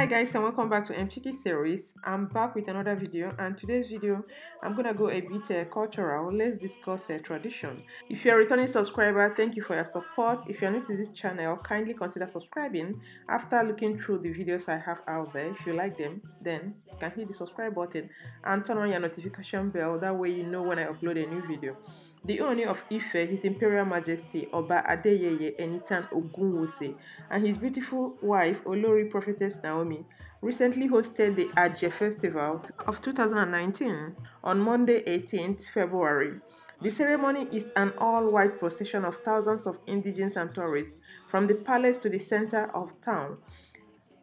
hi guys and welcome back to mtk series i'm back with another video and today's video i'm gonna go a bit uh, cultural let's discuss a uh, tradition if you're a returning subscriber thank you for your support if you're new to this channel kindly consider subscribing after looking through the videos i have out there if you like them then you can hit the subscribe button and turn on your notification bell that way you know when i upload a new video the owner of Ife, His Imperial Majesty Oba Adeyeye Enitan Ogunwose, and his beautiful wife Olori Prophetess Naomi recently hosted the Ajie Festival of 2019 on Monday 18th February. The ceremony is an all-white procession of thousands of indigents and tourists from the palace to the center of town.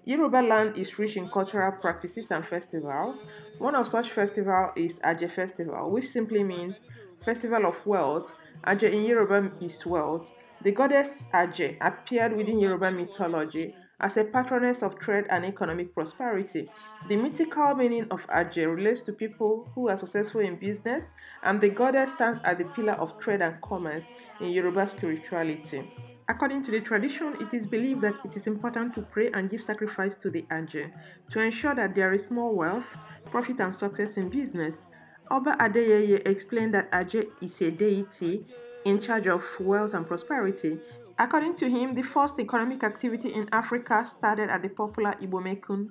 Yoruba land is rich in cultural practices and festivals. One of such festivals is Ajie Festival, which simply means festival of wealth, Aje in Yoruba is wealth, the goddess Aje appeared within Yoruba mythology as a patroness of trade and economic prosperity. The mythical meaning of Aje relates to people who are successful in business, and the goddess stands at the pillar of trade and commerce in Yoruba spirituality. According to the tradition, it is believed that it is important to pray and give sacrifice to the Aje to ensure that there is more wealth, profit, and success in business. Oba Adeyeye explained that Ajay is a deity in charge of wealth and prosperity. According to him, the first economic activity in Africa started at the popular Ibomekun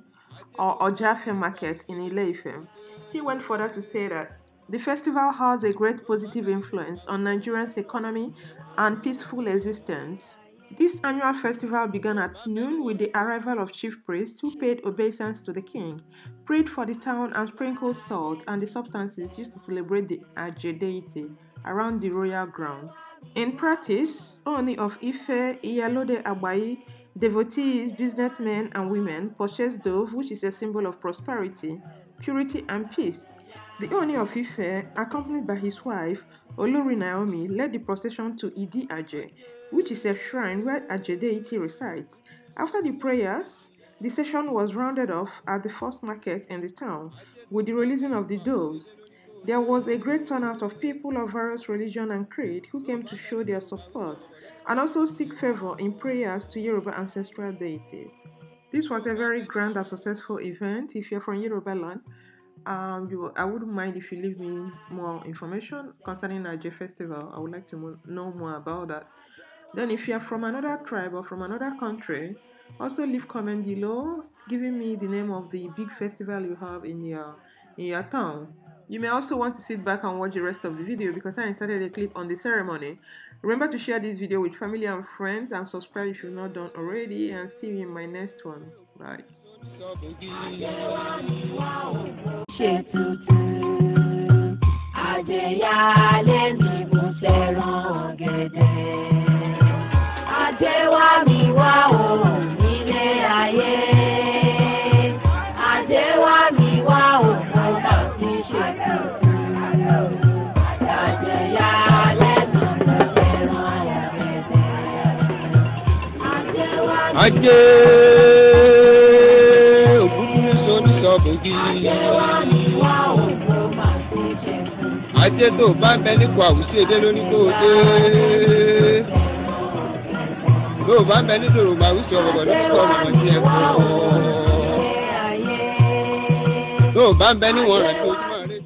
or Ojafe market in Ileife. He went further to say that the festival has a great positive influence on Nigerians' economy and peaceful existence. This annual festival began at noon with the arrival of chief priests who paid obeisance to the king, prayed for the town, and sprinkled salt and the substances used to celebrate the Ajay deity around the royal grounds. In practice, Oni of Ife, Iyalode Abayi, Devotees, businessmen, and women purchased dove, which is a symbol of prosperity, purity, and peace. The Oni of Ife, accompanied by his wife, Olori Naomi, led the procession to Idi Aje, which is a shrine where Aje deity resides. After the prayers, the session was rounded off at the first market in the town with the releasing of the doves. There was a great turnout of people of various religion and creed who came to show their support and also seek favor in prayers to Yoruba ancestral deities. This was a very grand and successful event. If you're from Yoruba land, um, you, I wouldn't mind if you leave me more information concerning Niger Festival. I would like to know more about that. Then, if you're from another tribe or from another country, also leave comment below, giving me the name of the big festival you have in your in your town. You may also want to sit back and watch the rest of the video because I inserted a clip on the ceremony. Remember to share this video with family and friends and subscribe if you've not done already and see you in my next one. Bye. Adéyálé ni ajé òkúkú sórí sọ̀bùgì. ajé tó bá bẹ nípò àwùjọ èdè lóní kó o dé. tó bá bẹ nídòrò àwùjọ ọ̀bọ̀bọ̀ lóní kó ọ̀nà ọ̀jẹ̀ ẹ̀kọ́. tó bá bẹ níwọ̀n rẹ̀ tó túmọ̀ rẹ̀.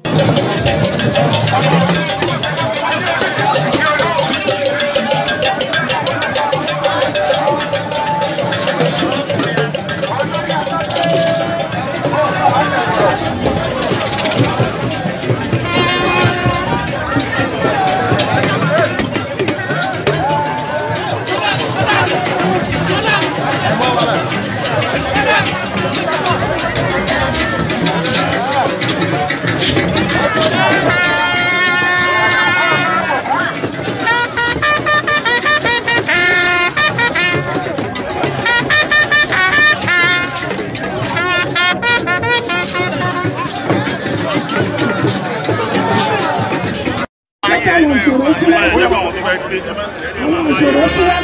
ìṣòro sílẹ̀.